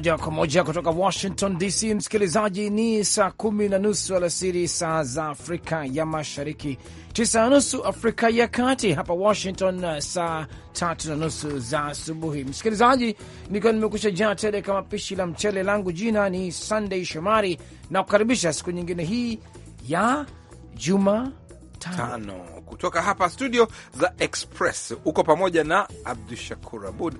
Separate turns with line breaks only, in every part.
moja kwa moja kutoka Washington DC. Msikilizaji, ni saa kumi na nusu alasiri saa za Afrika ya Mashariki, tisa na nusu Afrika ya Kati, hapa Washington saa tatu na nusu za asubuhi. Msikilizaji, nikiwa nimekusha jaa tele kama pishi la mchele langu, jina ni Sunday Shomari na kukaribisha siku nyingine hii ya juma tano kutoka hapa studio za
Express. Uko pamoja na Abdu Shakur Abud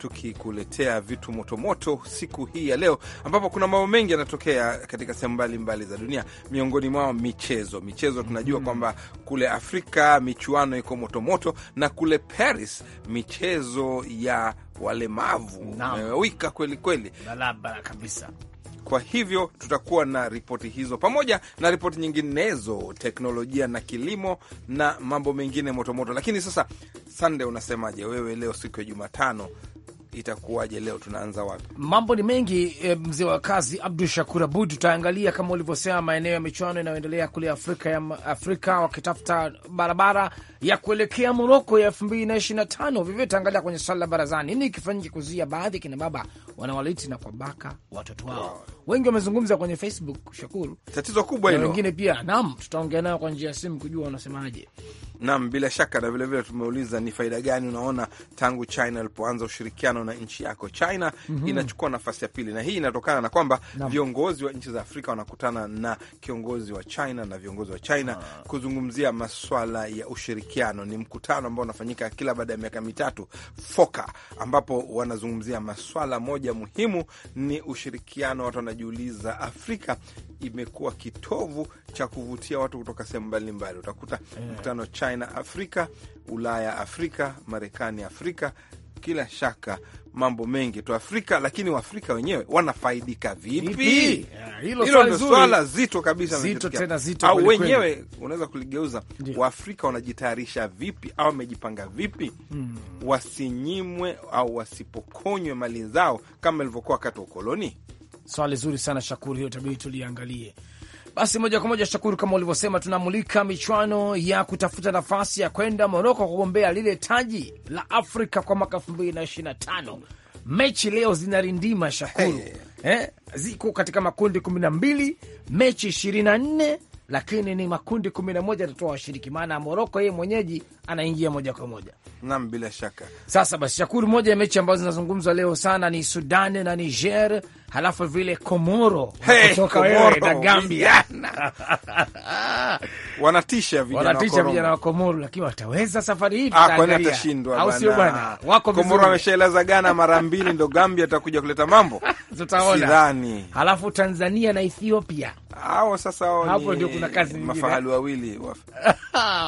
tukikuletea vitu motomoto moto siku hii ya leo, ambapo kuna mambo mengi yanatokea katika sehemu mbalimbali za dunia, miongoni mwao michezo. Michezo tunajua mm, kwamba kule Afrika michuano iko motomoto na kule Paris michezo ya walemavu umewika kweli kweli, barabara kabisa. Kwa hivyo tutakuwa na ripoti hizo pamoja na ripoti nyinginezo, teknolojia na kilimo na mambo mengine motomoto. Lakini sasa, Sande, unasemaje wewe leo siku ya Jumatano? itakuwaje leo, tunaanza
wapi? Mambo ni mengi e, mzee wa kazi Abdu Shakur Abud, tutaangalia kama ulivyosema maeneo ya michuano inayoendelea kule Afrika, ya Afrika wakitafuta barabara ya kuelekea Moroko ya elfu mbili na ishirini na tano. Vivyo tutaangalia kwenye swala la barazani, nini kifanyike kuzuia baadhi ya kinababa wanawaliti na kuwabaka watoto wao wow. Wengi wamezungumza kwenye Facebook Shakuru, tatizo kubwa hilo. Wengine pia nam, tutaongea nao kwa njia ya simu kujua wanasemaje.
Nam, bila shaka na vilevile tumeuliza ni faida gani unaona tangu China ilipoanza ushirikiano na nchi yako. China mm -hmm. inachukua nafasi ya pili, na hii inatokana na kwamba viongozi wa nchi za Afrika wanakutana na kiongozi wa China na viongozi wa China ah. kuzungumzia maswala ya ushirikiano. Ni mkutano ambao unafanyika kila baada ya miaka mitatu foka, ambapo wanazungumzia maswala moja muhimu, ni ushirikiano. Watu wanajiuliza, Afrika imekuwa kitovu cha kuvutia watu kutoka sehemu mbalimbali, utakuta yeah. mkutano China Afrika, Ulaya Afrika, Marekani Afrika kila shaka mambo mengi tu Afrika, lakini Waafrika wenyewe wanafaidika vipi? Hilo ndio swala zito kabisa, zito tena zito. Au wenyewe unaweza kuligeuza, Waafrika wanajitayarisha vipi au wamejipanga vipi hmm, wasinyimwe au wasipokonywe mali zao
kama ilivyokuwa wakati wa ukoloni? Swali zuri sana Shakuri, hiyo tabidi tuliangalie. Basi moja kwa moja, Shakuru, kama ulivyosema, tunamulika michuano ya kutafuta nafasi ya kwenda Moroko kugombea lile taji la Afrika kwa mwaka elfu mbili na ishirini na tano. Mechi leo zinarindima Shakuru, hey. Eh, ziko katika makundi kumi na mbili, mechi ishirini na nne lakini ni makundi kumi na moja atatoa washiriki, maana Moroko yeye mwenyeji anaingia moja kwa moja. Naam, bila shaka. Sasa basi, Shakuru, moja ya mechi ambazo zinazungumzwa leo sana ni Sudan na Niger halafu vile Komoro hey, kutoka wewe na Gambia
wanatisha vijana, wanatisha vijana wa
Komoro, lakini wataweza safari hii? Ah, Kwani atashindwa? Au sio bwana? Wako Komoro ameshaelaza
Ghana mara mbili, ndo Gambia atakuja
kuleta mambo tutaona, sidhani. Halafu Tanzania na Ethiopia hao sasa, hao
hapo ndio kuna kazi nyingine, mafahali wawili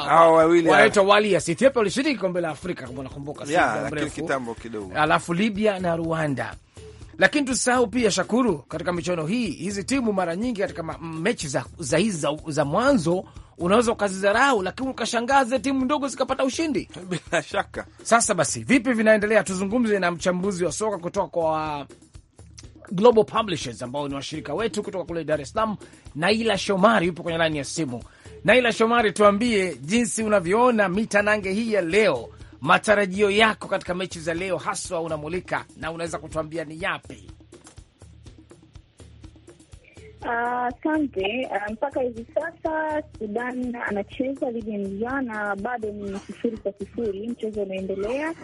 hao wawili
wali ya Ethiopia walishiriki kombe la Afrika kama nakumbuka, si kitambo kidogo. Halafu Libya na Rwanda lakini tusahau pia, Shakuru, katika michuano hii hizi timu mara nyingi katika mechi za, za hizi za, za mwanzo unaweza ukazidharau, lakini ukashangaza timu ndogo zikapata ushindi bila shaka. Sasa basi, vipi vinaendelea? Tuzungumze na mchambuzi wa soka kutoka kwa Global Publishers ambao ni washirika wetu kutoka kule Dar es Salaam. Naila Shomari yupo kwenye laini ya simu. Naila Shomari, tuambie jinsi unavyoona mitanange hii ya leo matarajio yako katika mechi za leo haswa unamulika na unaweza kutuambia ni yapi?
Asante. Uh, ah, mpaka mpaka hivi sasa Sudan anacheza dhidi ya Niger na bado ni sifuri kwa sifuri, mchezo unaendelea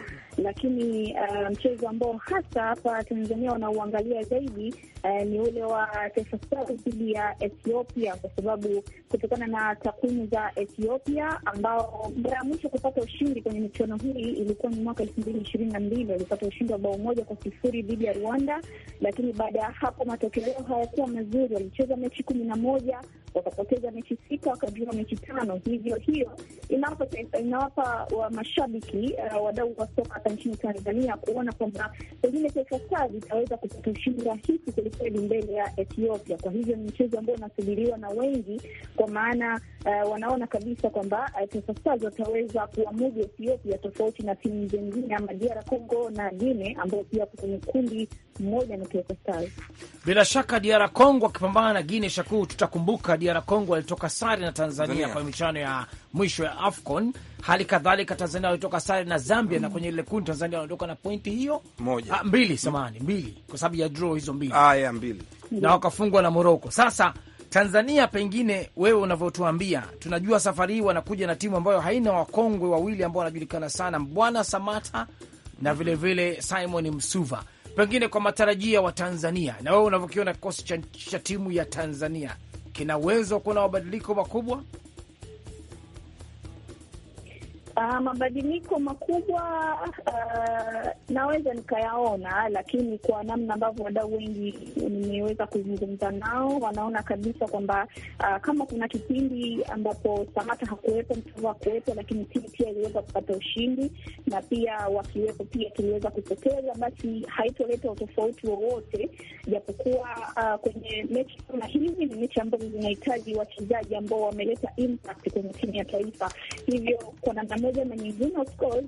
lakini uh, mchezo ambao hasa hapa Tanzania wanauangalia zaidi uh, ni ule wa Taifa Stars dhidi ya Ethiopia, kwa sababu kutokana na takwimu za Ethiopia ambao mara ya mwisho kupata ushindi kwenye michuano hii ilikuwa ni mwaka elfu mbili ishirini na mbili walipata ushindi wa bao moja kwa sifuri dhidi ya Rwanda, lakini baada ya hapo matokeo hayakuwa mazuri. Walicheza mechi kumi na moja wakapoteza mechi sita wakajua mechi tano. Hivyo hiyo inawapa, inawapa wa mashabiki uh, wadau wa soka hapa nchini Tanzania kuona kwamba pengine Taifa Stars itaweza kupata ushindi rahisi kwelikweli mbele ya Ethiopia. Kwa hivyo ni mchezo ambao unasubiriwa na wengi, kwa maana uh, wanaona kabisa kwamba uh, Taifa Stars wataweza kuwamudu Ethiopia, tofauti na timu zingine ama DR Congo na Guine ambao pia kwenye kundi mmoja na Taifa Stars.
Bila shaka DR Congo akipambana na Guine, Shakuu, tutakumbuka DR Congo alitoka sare na Tanzania Zania kwa michano ya mwisho ya AFCON. Hali kadhalika Tanzania walitoka sare na Zambia mm. na kwenye ile kundi Tanzania wanaondoka na pointi hiyo moja, ah, mbili samani mbili kwa sababu ya draw hizo mbili, ah, ya mbili na wakafungwa na Moroko. Sasa Tanzania pengine wewe unavyotuambia, tunajua safari hii wanakuja na timu ambayo haina wakongwe wawili ambao wanajulikana sana, Mbwana Samata na vilevile vile Simon Msuva, pengine kwa matarajio ya Watanzania na wewe unavyokiona kikosi cha, cha timu ya Tanzania kinaweza kuwa na mabadiliko makubwa
Uh, mabadiliko makubwa uh, naweza nikayaona, lakini kwa namna ambavyo wadau wengi nimeweza kuzungumza nao wanaona kabisa kwamba uh, kama kuna kipindi ambapo Samata hakuwepo, Mtava hakuwepo, lakini timu pia iliweza kupata ushindi na pia wakiwepo pia tuliweza kupoteza, basi haitoleta utofauti wowote, japokuwa uh, kwenye mechi kama hizi ni mechi ambazo zinahitaji wachezaji ambao wameleta impact kwenye timu ya taifa, hivyo kwa namna moja ama nyingine, of course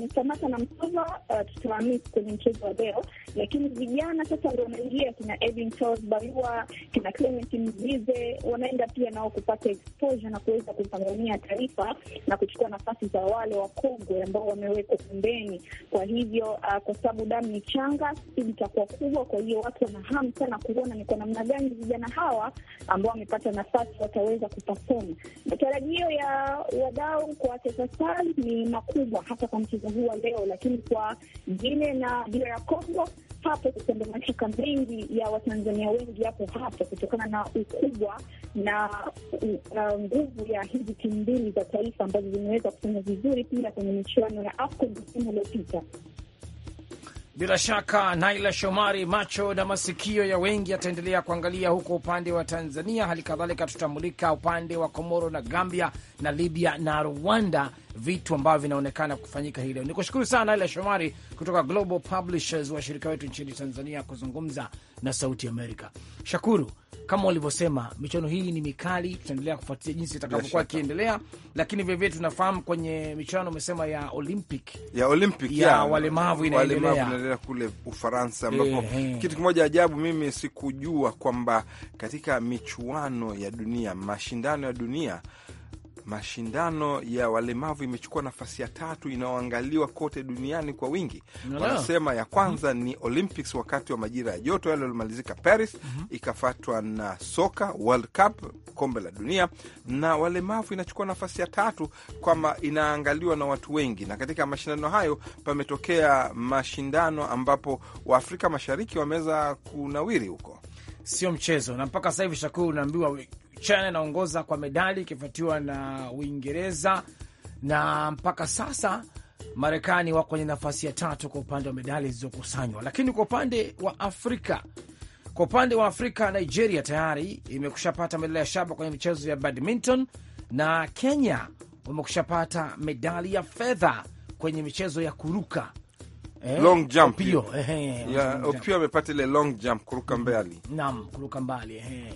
Msamaha uh, na Mtova uh, tutawamis kwenye mchezo wa leo, lakini vijana sasa ndio wanaingia kina Edwin Charles Barua, kina Clement Mzize, wanaenda pia nao kupata exposure na kuweza kupangania taifa na kuchukua nafasi za wale wakongwe ambao wamewekwa pembeni. Kwa hivyo uh, kwa sababu damu ni changa, spidi itakuwa kubwa. Kwa hiyo watu wana hamu sana kuona ni kwa namna gani vijana hawa ambao wamepata nafasi wataweza kuperform. Matarajio ya wadau kwa kwake sasa ni makubwa, hata kwa mchezo huu wa leo, lakini kwa Gine na ya kongo hapo kusema mashaka mengi ya Watanzania wengi hapo hapo kutokana na ukubwa na uh, nguvu ya hizi timu mbili za taifa ambazo zimeweza kufanya vizuri pia kwenye michuano ya AFCON msimu uliopita.
Bila shaka Naila Shomari, macho na masikio ya wengi yataendelea kuangalia huko upande wa Tanzania. Hali kadhalika tutamulika upande wa Komoro na Gambia na Libya na Rwanda vitu ambavyo vinaonekana kufanyika hii leo. Ni kushukuru sana Ila Shomari kutoka Global Publishers, washirika wetu nchini Tanzania, kuzungumza na Sauti Amerika. Shakuru, kama walivyosema, michuano hii ni mikali, tutaendelea kufuatilia jinsi itakavyokuwa ikiendelea, lakini vilevile tunafahamu kwenye michuano umesema ya Olympic
ya Olympic ya, ya walemavu inaendelea kule Ufaransa, ambapo e, kitu kimoja ajabu, mimi sikujua kwamba katika michuano ya dunia, mashindano ya dunia mashindano ya walemavu imechukua nafasi ya tatu inayoangaliwa kote duniani kwa wingi. Wanasema ya kwanza mhm. ni Olympics wakati wa majira ya joto yale yaliyomalizika Paris mhm. ikafuatwa na soka World Cup, kombe la dunia, na walemavu inachukua nafasi ya tatu kwamba inaangaliwa na watu wengi. Na katika mashindano hayo pametokea mashindano ambapo Waafrika
Mashariki wameweza kunawiri huko, sio mchezo. Na mpaka sasa hivi Shakuru unaambiwa China inaongoza kwa medali ikifuatiwa na Uingereza na mpaka sasa Marekani wako kwenye nafasi ya tatu kwa upande wa medali zilizokusanywa. Lakini kwa upande wa Afrika, kwa upande wa Afrika, Nigeria tayari imekushapata medali ya shaba kwenye michezo ya badminton na Kenya wamekushapata medali ya fedha kwenye michezo ya kuruka eh, long jump. Opio
amepata ile long jump, kuruka mbali.
Naam, kuruka mbali eh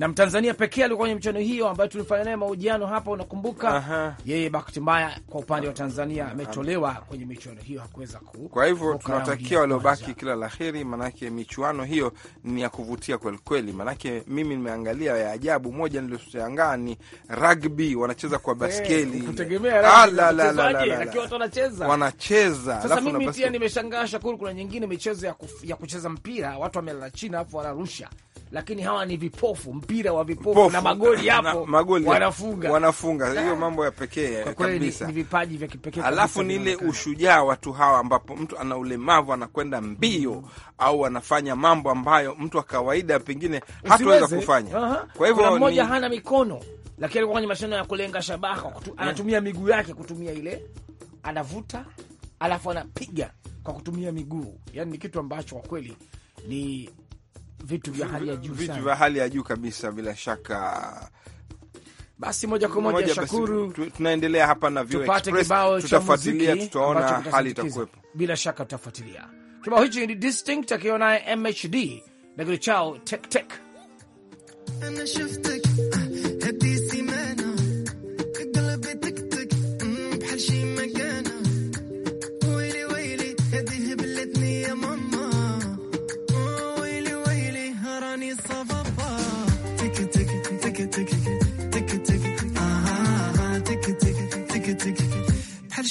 na Mtanzania pekee alikuwa kwenye michuano hiyo ambayo tulifanya naye mahojiano hapa, unakumbuka. Aha. Yeye bahati mbaya kwa upande wa Tanzania ametolewa kwenye michuano hiyo, hakuweza ku.
Kwa hivyo tunatakia
waliobaki kila la heri, maanake michuano hiyo ni ya kuvutia kwelikweli. Maanake mimi nimeangalia ya ajabu, moja nilioshangaa ni rugby, wanacheza kwa eh, baskeli, ah, wanacheza. Sasa mimi pia
nimeshangaa, Shakuru, kuna nyingine michezo ya, ya kucheza mpira, watu wamelala chini alafu wanarusha lakini hawa ni vipofu, mpira wa vipofu Pofu, na magoli yapo, magoli wanafunga
wanafunga. Hiyo ah. mambo ya pekee kabisa, ni
vipaji vya kipekee. Alafu ni ile
ushujaa watu hawa, ambapo mtu ana ulemavu anakwenda mbio mm, au anafanya mambo ambayo mtu wa kawaida pengine hataweza kufanya. uh -huh. Kwa hivyo mmoja ni...
hana mikono lakini alikuwa kwenye mashindano ya kulenga shabaha kutu, eh. anatumia miguu yake kutumia ile, anavuta alafu anapiga kwa kutumia miguu, yani ni kitu ambacho kwa kweli ni vitu vya hali ya juu, vitu vya hali
ya juu kabisa, bila
shaka. Basi moja kwa moja, Shakuru,
tunaendelea hapa na View Express, tutafuatilia, tutaona hali itakuwepo,
bila shaka tutafuatilia kibao hichi. Ni distinct akiwa naye MHD na kile chao tek tek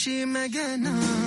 تمشي مجانا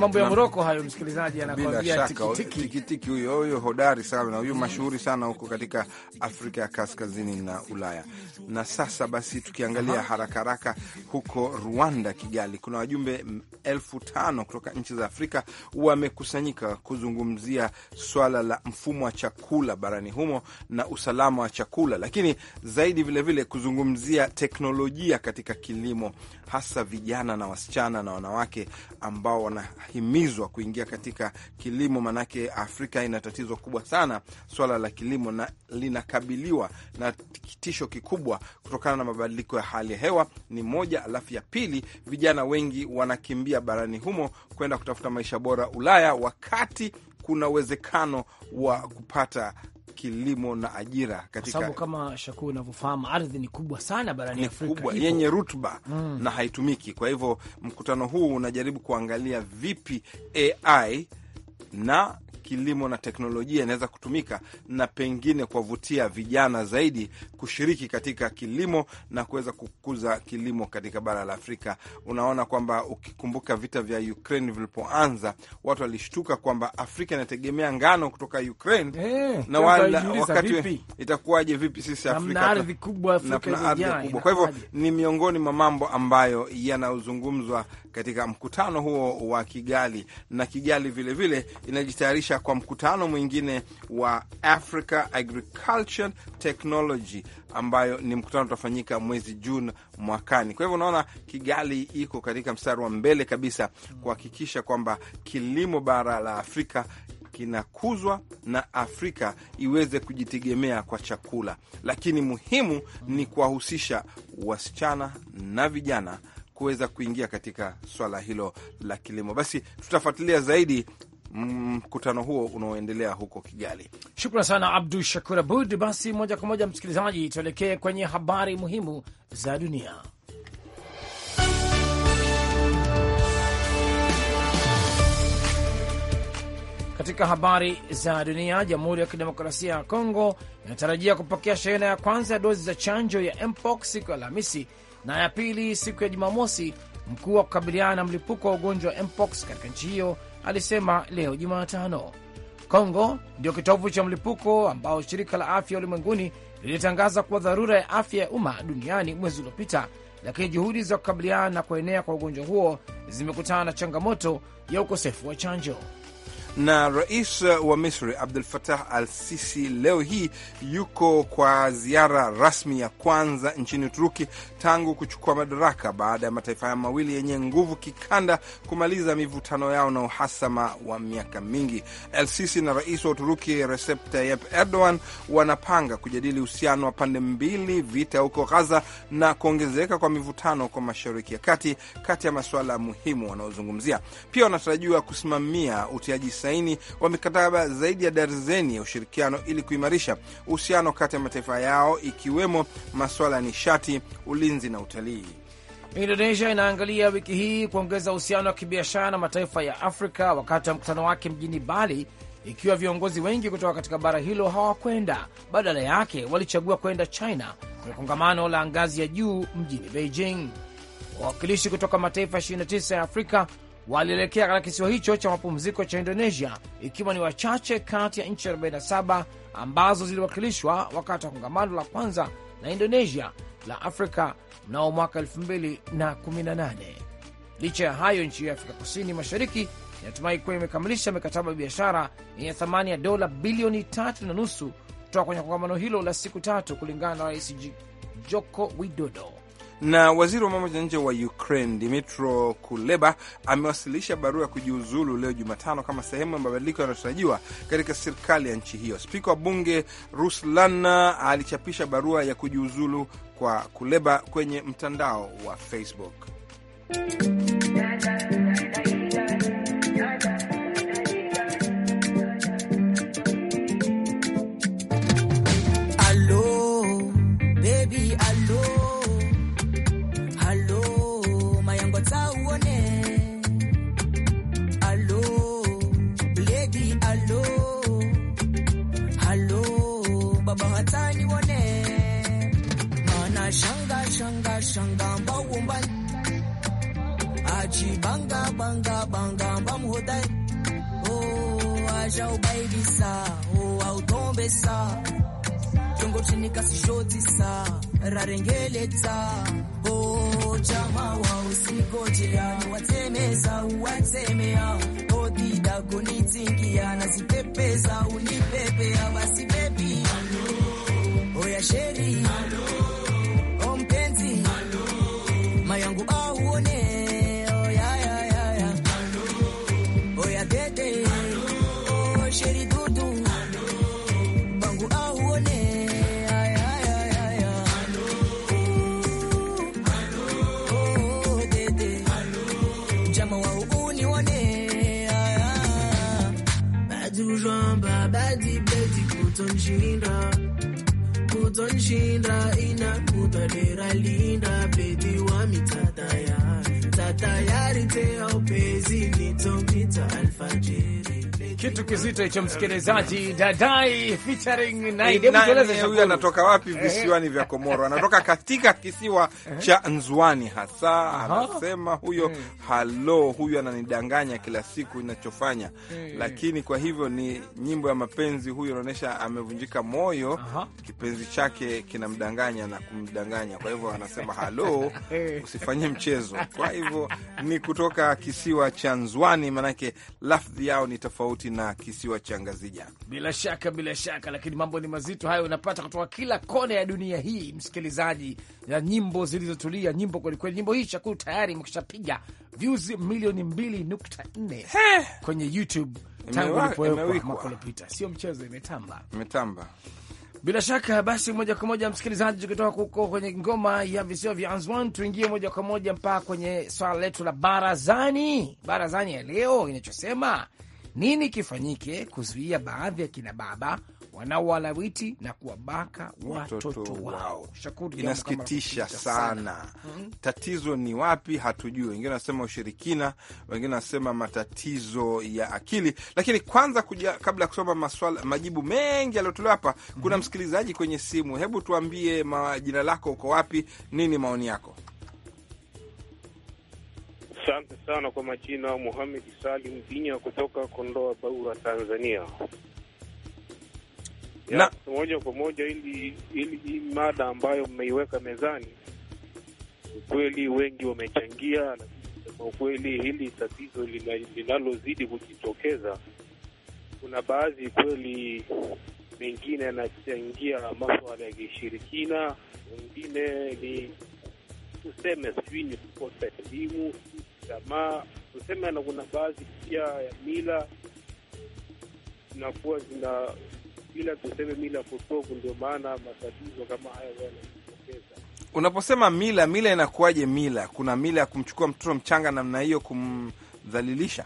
mambo ya Moroko
hayo, msikilizaji anakwambia tikitiki.
Tikitiki huyo huyo hodari sana huyo mashuhuri sana huko katika Afrika ya Kaskazini na Ulaya. Na sasa basi, tukiangalia haraka haraka huko Rwanda, Kigali, kuna wajumbe elfu tano kutoka nchi za Afrika wamekusanyika kuzungumzia swala la mfumo wa chakula barani humo na usalama wa chakula, lakini zaidi vilevile vile kuzungumzia teknolojia katika kilimo, hasa vijana na wasichana na wanawake ambao wana wanahimizwa kuingia katika kilimo, manake Afrika ina tatizo kubwa sana swala la kilimo, na linakabiliwa na kitisho kikubwa kutokana na mabadiliko ya hali ya hewa, ni moja. Alafu ya pili, vijana wengi wanakimbia barani humo kwenda kutafuta maisha bora Ulaya, wakati kuna uwezekano wa kupata kilimo na ajira katika... sababu
kama Shakuu unavyofahamu ardhi ni kubwa sana barani Afrika, kubwa yenye
rutuba mm, na haitumiki. Kwa hivyo mkutano huu unajaribu kuangalia vipi AI na kilimo na teknolojia inaweza kutumika na pengine kuwavutia vijana zaidi kushiriki katika kilimo na kuweza kukuza kilimo katika bara la Afrika. Unaona kwamba ukikumbuka vita vya Ukraine vilipoanza, watu walishtuka kwamba Afrika inategemea ngano kutoka Ukraine. Hey, eh, na wala, wakati itakuwaje? Vipi sisi Afrika ardhi kubwa, Afrika na ardhi kubwa. Kwa hivyo ni miongoni mwa mambo ambayo yanazungumzwa katika mkutano huo wa Kigali, na Kigali vilevile inajitayarisha kwa mkutano mwingine wa Africa Agriculture Technology ambayo ni mkutano utafanyika mwezi Juni mwakani. Kwa hivyo unaona Kigali iko katika mstari wa mbele kabisa kuhakikisha kwamba kilimo bara la Afrika kinakuzwa na Afrika iweze kujitegemea kwa chakula, lakini muhimu ni kuwahusisha wasichana na vijana kuweza kuingia katika swala hilo la kilimo. Basi tutafuatilia zaidi mm, mkutano huo unaoendelea huko
Kigali. Shukran sana Abdu Shakur Abud. Basi moja kwa moja, msikilizaji, tuelekee kwenye habari muhimu za dunia. Katika habari za dunia, Jamhuri ya Kidemokrasia ya Kongo inatarajia kupokea shehena ya kwanza ya dozi za chanjo ya mpox siku ya Alhamisi na ya pili siku ya Jumamosi, mkuu wa kukabiliana na mlipuko wa ugonjwa wa mpox katika nchi hiyo alisema leo Jumatano. Kongo ndio kitovu cha mlipuko ambao shirika la afya ulimwenguni lilitangaza kuwa dharura ya afya ya umma duniani mwezi uliopita, lakini juhudi za kukabiliana na kuenea kwa ugonjwa huo zimekutana na changamoto ya ukosefu wa chanjo.
Na rais uh, wa Misri Abdul fatah al Sisi leo hii yuko kwa ziara rasmi ya kwanza nchini Uturuki tangu kuchukua madaraka baada ya mataifa hayo mawili yenye nguvu kikanda kumaliza mivutano yao na uhasama wa miaka mingi. Al Sisi na rais wa Uturuki Recep Tayyip Erdogan wanapanga kujadili uhusiano wa pande mbili, vita huko Ghaza na kuongezeka kwa mivutano kwa Mashariki ya Kati, kati ya masuala muhimu wanaozungumzia. Pia wanatarajiwa kusimamia utiaji saini wa mikataba zaidi ya darzeni ya ushirikiano ili kuimarisha uhusiano kati ya mataifa yao ikiwemo masuala ya nishati, ulinzi na utalii.
Indonesia inaangalia wiki hii kuongeza uhusiano wa kibiashara na mataifa ya Afrika wakati wa mkutano wake mjini Bali, ikiwa viongozi wengi kutoka katika bara hilo hawakwenda, badala yake walichagua kwenda China kwenye kongamano la ngazi ya juu mjini Beijing. Wawakilishi kutoka mataifa 29 ya Afrika walielekea katika kisiwa hicho cha mapumziko cha Indonesia, ikiwa ni wachache kati ya nchi 47 ambazo ziliwakilishwa wakati wa kongamano la kwanza la Indonesia la Afrika mnao mwaka 2018. Licha ya hayo, nchi ya Afrika Kusini Mashariki inatumai kuwa imekamilisha mikataba ya biashara yenye thamani ya dola bilioni tatu na nusu kutoka kwenye kongamano hilo la siku tatu, kulingana na Rais Joko Widodo.
Na waziri wa mambo ya nje wa Ukraine Dmytro Kuleba amewasilisha barua ya kujiuzulu leo Jumatano kama sehemu ya mabadiliko yanayotarajiwa katika serikali ya nchi hiyo. Spika wa bunge Ruslan alichapisha barua ya kujiuzulu kwa Kuleba kwenye mtandao wa Facebook.
Halo baba hatani wone mana shanga shanga shanga mbaumbani aji banga banga banga bamhodai oh aja sa, oh autombesa chongo chini kasishodzisa rarengeledza oh chama wa usiko jirani watemeza uwatemea koti dako nitingia nazipepeza unipepe basi bebi oya kwamba beti beti kutonishinda, kutonishinda ina mutadera linda beti wa mitatayari tatayari
teo pezi nitomita alfajiri kitu kizito hicho, msikilizaji. Dadai featuring huyu anatoka wapi? Eh. Visiwani vya Komoro,
anatoka katika kisiwa eh. cha Nzwani hasa. Anasema huyo hmm. halo, huyu ananidanganya kila siku inachofanya, hmm. lakini kwa hivyo ni nyimbo ya mapenzi. Huyu anaonyesha amevunjika moyo, kipenzi chake kinamdanganya na kumdanganya. Kwa hivyo anasema halo,
eh. usifanye
mchezo. Kwa hivyo ni kutoka kisiwa cha Nzwani, maanake lafdhi yao ni tofauti na kisiwa cha Ngazija.
Bila shaka, bila shaka, lakini mambo ni mazito hayo, unapata kutoka kila kona ya dunia hii, msikilizaji, na nyimbo zilizotulia, nyimbo kwelikweli. Nyimbo hii chakuu tayari imekwishapiga views milioni mbili nukta nne kwenye YouTube tangu ulipowekwa mwaka uliopita, sio mchezo, imetamba, imetamba. Bila shaka basi, moja kwa moja msikilizaji, tukitoka huko kwenye ngoma ya visiwa vya Anzwan, tuingie moja kwa moja mpaka kwenye swala letu la barazani. Barazani ya leo inachosema nini kifanyike kuzuia baadhi ya kina baba wanaowalawiti na kuwabaka watoto wao? Shakuru, inasikitisha sana, sana. Hmm.
Tatizo ni wapi? Hatujui. Wengine wanasema ushirikina, wengine wanasema matatizo ya akili. Lakini kwanza kuja, kabla ya kusoma maswala, majibu mengi yaliyotolewa hapa, kuna hmm, msikilizaji kwenye simu. Hebu tuambie jina lako, uko wapi, nini maoni yako?
Asante sana kwa majina, Muhamed Salim Vinya kutoka Kondoa Baura, Tanzania. Ya, moja kwa moja ili hii mada ambayo mmeiweka mezani, ukweli wengi wamechangia, lakini kwa ukweli hili tatizo linalozidi kujitokeza, kuna baadhi kweli mengine yanachangia maswala ya kishirikina, wengine ni tuseme sijui ni kukosa elimu jamaa, tuseme, na kuna baadhi pia ya mila zinakuwa zina bila tuseme mila potovu, ndio maana matatizo kama haya yanajitokeza.
Unaposema mila, mila inakuwaje? Mila kuna mila ya kumchukua mtoto mchanga namna hiyo, kumdhalilisha.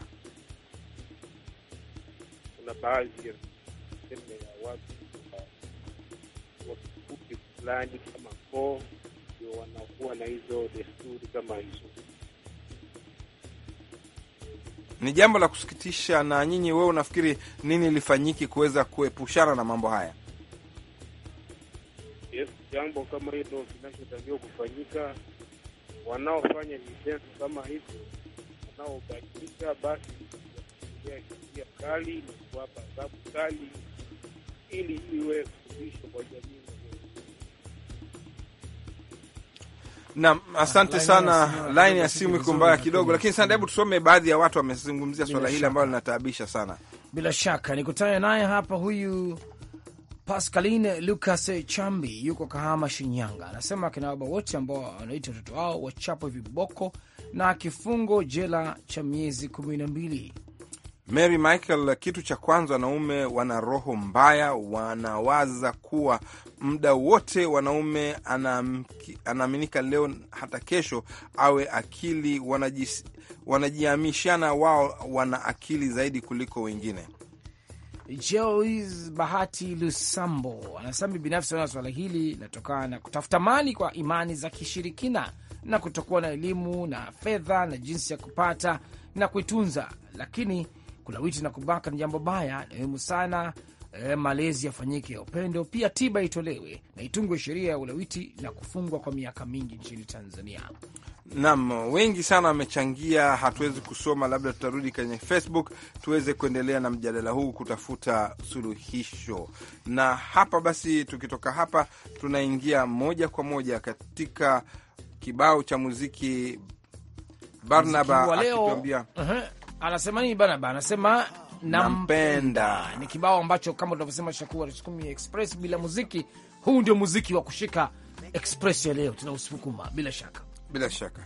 Kuna baadhi ya tuseme ya watu wakikuki fulani kama koo, ndio wanakuwa na hizo desturi kama hizo.
Ni jambo la kusikitisha. Na nyinyi, wewe unafikiri nini lifanyiki kuweza kuepushana na mambo haya?
Yes, jambo kama hilo kinachotakiwa kufanyika, wanaofanya vitendo kama hivyo, wanaobadilisha basi kali na kuwapa adhabu kali, ili iwe fundisho kwa jamii.
nam asante sana. Laini ya simu iko mbaya kidogo, lakini sana, hebu tusome baadhi ya watu wamezungumzia swala hili ambalo linataabisha sana.
Bila shaka nikutane naye hapa, huyu Pascaline Lucas Chambi yuko Kahama, Shinyanga, anasema akina baba wote ambao wanaita watoto wao wachapwe viboko na kifungo jela cha miezi kumi na mbili.
Mary Michael, kitu cha kwanza, wanaume wana roho mbaya, wanawaza kuwa muda wote wanaume anaaminika leo hata kesho awe akili. Wanajis, wanajiamishana wao wana akili zaidi kuliko wengine.
Jois Bahati Lusambo anasema binafsi wana swala hili linatokana na kutafuta mali kwa imani za kishirikina na kutokuwa na elimu na fedha na jinsi ya kupata na kuitunza, lakini kulawiti na kubaka ni jambo baya, ni muhimu sana e, malezi yafanyike ya upendo, pia tiba itolewe na itungwe sheria ya ulawiti na kufungwa kwa miaka mingi nchini Tanzania.
nam wengi sana wamechangia, hatuwezi kusoma, labda tutarudi kwenye Facebook tuweze kuendelea na mjadala huu kutafuta suluhisho. Na hapa basi, tukitoka hapa tunaingia moja kwa moja katika kibao cha muziki Barnaba akituambia
uh -huh anasema nini bana ba, anasema nampenda. Ni kibao ambacho kama tunavyosema Shakua sukumi express, bila muziki huu ndio muziki wa kushika express ya leo, tunausukuma bila shaka, bila shaka.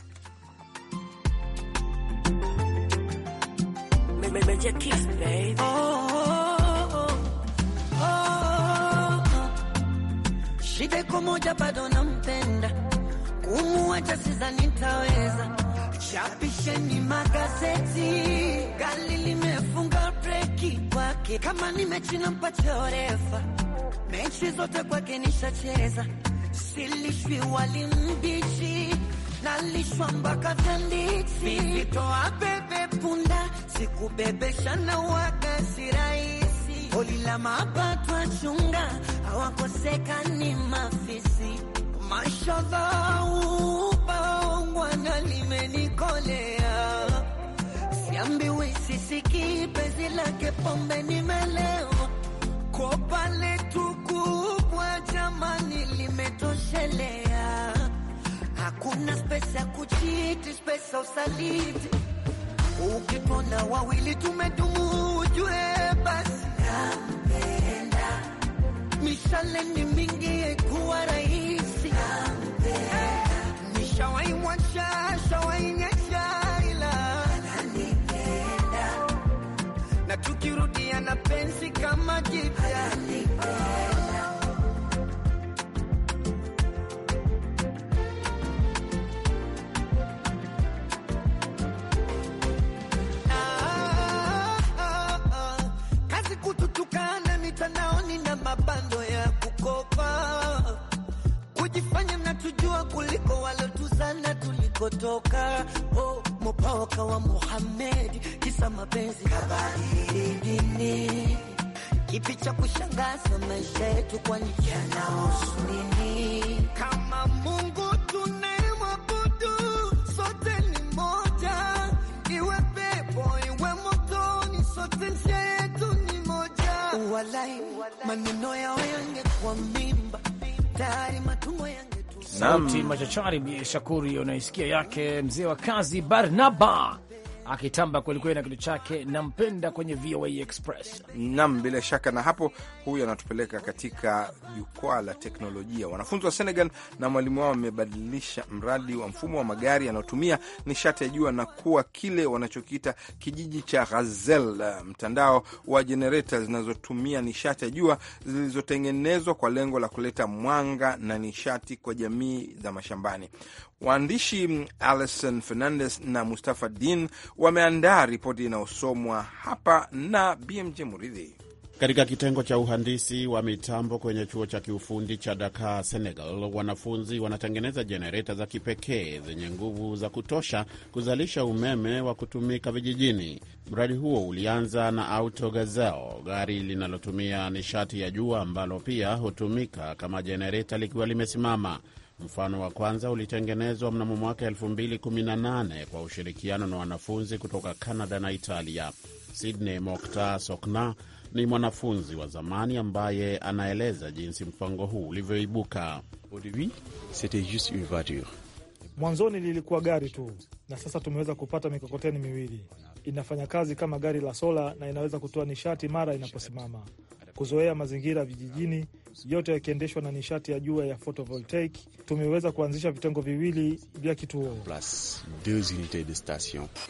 moja, bado nampenda, kumuacha nitaweza Chapisheni magazeti, gari limefunga breki kwake. Kama ni mechi na mpachorefa, mechi zote kwake nishacheza. Silishwi wali mbichi, nalishwa mpaka tanditi. Nitoa bebe punda, sikubebesha na wakasi rahisi. Holi la mapato achunga, hawakosekani mafisi mashallah Bwana limenikolea, siambiwi sisiki pezi lake, pombe nimelewa, kopa letu kubwa jamani limetoshelea, hakuna spesa kuchiti, spesa usaliti, ukipona wawili tumedumu, ujue basi nampenda, mishale ni mingi, haikuwa rahisi na tukirudia na kama
ah, ah, ah, kututukana
mitandaoni na mabando ya kukopa kujifanya mnatujua kuliko kutoka oh, mupaka wa Muhammad, kisa mapenzi kabadili dini. Kipi cha kushangaza maisha yetu, kwani yanahusu nini? Kama Mungu Walai, sote ni moja, iwe motoni, sote yetu ni moja. maneno yao yangekuwa mimba tayari
sauti machachari, Shakuri, unaisikia yake mzee wa kazi Barnaba akitamba kwelikweli na kitu chake, nampenda kwenye VOA Express
nam. Bila shaka na hapo, huyu anatupeleka katika jukwaa la teknolojia. Wanafunzi wa Senegal na mwalimu wao wamebadilisha mradi wa mfumo wa magari yanayotumia nishati ya jua na kuwa kile wanachokiita kijiji cha Ghazel, eh, mtandao wa jenereta zinazotumia nishati ya jua zilizotengenezwa kwa lengo la kuleta mwanga na nishati kwa jamii za mashambani. Waandishi Alison Fernandes na Mustafa Din wameandaa ripoti inayosomwa hapa na BMJ Muridhi.
Katika kitengo cha uhandisi wa mitambo kwenye chuo cha kiufundi cha Dakar, Senegal, wanafunzi wanatengeneza jenereta za kipekee zenye nguvu za kutosha kuzalisha umeme wa kutumika vijijini. Mradi huo ulianza na Auto Gazel, gari linalotumia nishati ya jua ambalo pia hutumika kama jenereta likiwa limesimama. Mfano wa kwanza ulitengenezwa mnamo mwaka 2018 kwa ushirikiano na wanafunzi kutoka Canada na Italia. Sydney Mokta Sokna ni mwanafunzi wa zamani ambaye anaeleza jinsi mpango huu ulivyoibuka.
Mwanzoni lilikuwa gari tu, na sasa tumeweza kupata mikokoteni miwili inafanya kazi kama gari la sola na inaweza kutoa nishati mara inaposimama kuzoea mazingira vijijini, yote yakiendeshwa na nishati ya jua ya photovoltaic. Tumeweza kuanzisha vitengo viwili vya kituo.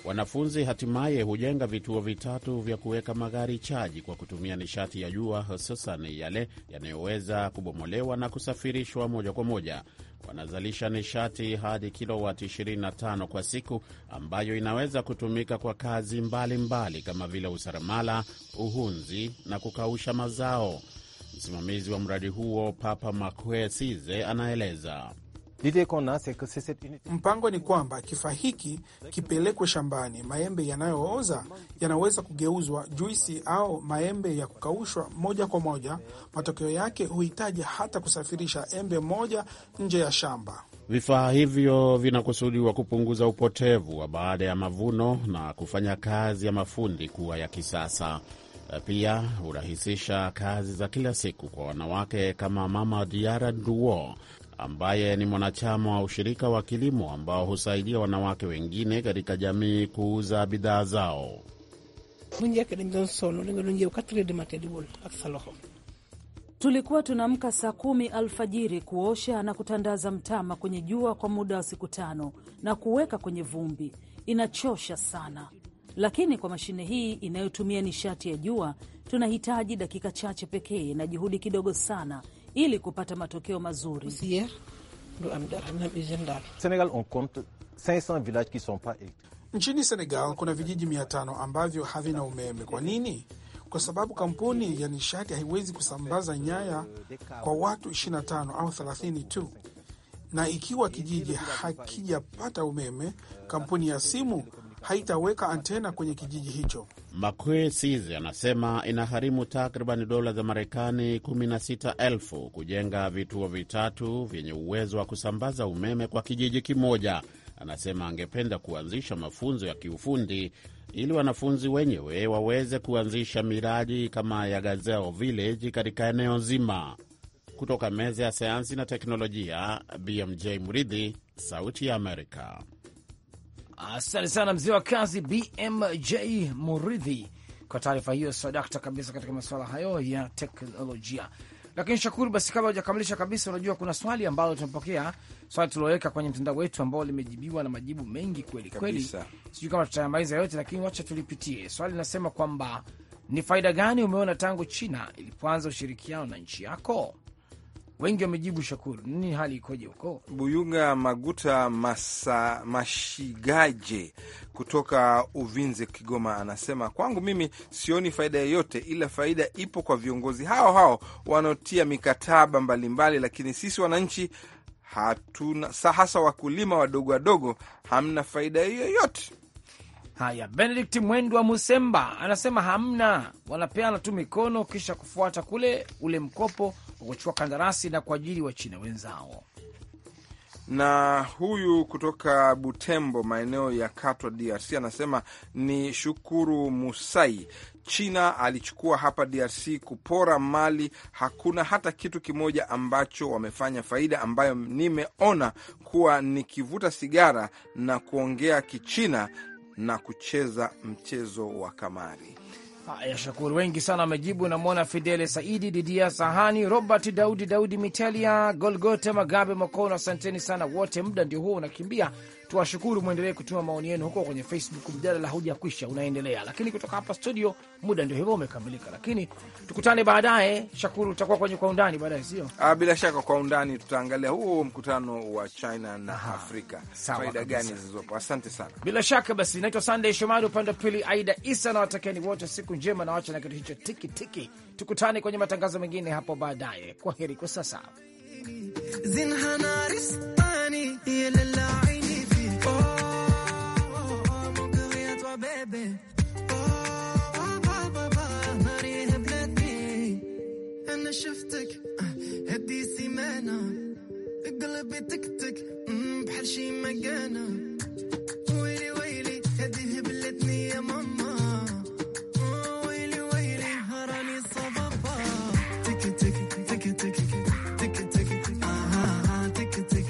Wanafunzi hatimaye hujenga vituo vitatu vya kuweka magari chaji kwa kutumia nishati ya jua, hususan yale yanayoweza kubomolewa na kusafirishwa moja kwa moja wanazalisha nishati hadi kilowati 25 kwa siku, ambayo inaweza kutumika kwa kazi mbalimbali mbali kama vile useremala, uhunzi na kukausha mazao. Msimamizi wa mradi huo Papa Makwe Size anaeleza Mpango ni kwamba kifaa hiki kipelekwe shambani.
Maembe yanayooza yanaweza kugeuzwa juisi au maembe ya kukaushwa
moja kwa moja. Matokeo yake huhitaji hata kusafirisha embe moja nje ya shamba.
Vifaa hivyo vinakusudiwa kupunguza upotevu wa baada ya mavuno na kufanya kazi ya mafundi kuwa ya kisasa. Pia hurahisisha kazi za kila siku kwa wanawake kama Mama Diara Duo ambaye ni mwanachama wa ushirika wa kilimo ambao husaidia wanawake wengine katika jamii kuuza bidhaa zao.
Tulikuwa tunamka saa kumi alfajiri kuosha na kutandaza mtama kwenye jua kwa muda wa siku tano na kuweka kwenye vumbi. Inachosha sana, lakini kwa mashine hii inayotumia nishati ya jua tunahitaji dakika chache pekee na juhudi kidogo sana ili kupata matokeo mazuri.
Nchini Senegal kuna vijiji mia tano ambavyo havina umeme. Kwa nini? Kwa sababu kampuni ya nishati
haiwezi kusambaza nyaya kwa watu 25 au 30 tu,
na ikiwa kijiji hakijapata umeme, kampuni ya simu haitaweka antena kwenye kijiji hicho.
Maquis anasema inaharimu takribani dola za Marekani 16,000 kujenga vituo vitatu vyenye uwezo wa kusambaza umeme kwa kijiji kimoja. Anasema angependa kuanzisha mafunzo ya kiufundi ili wanafunzi wenyewe waweze kuanzisha miradi kama ya Gazelle Village katika eneo zima. Kutoka meza ya sayansi na teknolojia, BMJ Muridhi, Sauti ya Amerika. Asante sana mzee wa kazi
BMJ Muridhi kwa taarifa hiyo, swadakta kabisa katika masuala hayo ya teknolojia. Lakini Shakuru, basi kabla hujakamilisha kabisa, unajua kuna swali ambalo tumepokea swali tulioweka kwenye mtandao wetu ambao limejibiwa na majibu mengi kweli kweli, sijui kama tutayamaliza yote, lakini wacha tulipitie. Swali linasema kwamba ni faida gani umeona tangu China ilipoanza ushirikiano na nchi yako? Wengi wamejibu Shakuru, nini hali ikoje huko?
buyuga Maguta Masa, Mashigaje kutoka Uvinze, Kigoma, anasema kwangu mimi sioni faida yoyote, ila faida ipo kwa viongozi hao hao wanaotia mikataba mbalimbali mbali, lakini sisi wananchi hatuna,
hasa wakulima wadogo wadogo, hamna faida yoyote. Haya, Benedict Mwendwa Musemba anasema hamna, wanapeana tu mikono kisha kufuata kule ule mkopo wa kuchukua kandarasi na kuajiri wachina wenzao.
Na huyu kutoka Butembo, maeneo ya Katwa, DRC anasema ni Shukuru Musai. China alichukua hapa DRC kupora mali, hakuna hata kitu kimoja ambacho wamefanya faida, ambayo nimeona kuwa nikivuta sigara na kuongea Kichina na kucheza mchezo wa kamari.
Haya, Shakuru, wengi sana wamejibu. Namwona Fidele Saidi, Didia Sahani, Robert Daudi, Daudi mitelia Golgote Magabe Makono, Asanteni sana wote, muda ndio huo unakimbia. Tuwashukuru, mwendelee kutuma maoni yenu huko kwenye Facebook. Mjadala kwisha, unaendelea. Lakini kutoka hapa studio, muda ndio hivyo umekamilika, lakini tukutane baadaye. Shakuru, utakuwa kwenye kwa undani baadaye, sio?
Ah, bila shaka, kwa undani tutaangalia huo mkutano wa China na Aha, Afrika, faida gani zilizopo. Asante sana.
Bila shaka basi, naitwa Sunday Shomari, upande wa pili Aida Isa na watakeni wote siku njema, na wacha na kitu hicho tikitiki. Tukutane kwenye matangazo mengine hapo baadaye. Kwa heri kwa sasa.
شفتك آه، هدي سيمانه قلبي تكتك بحال شي مكانه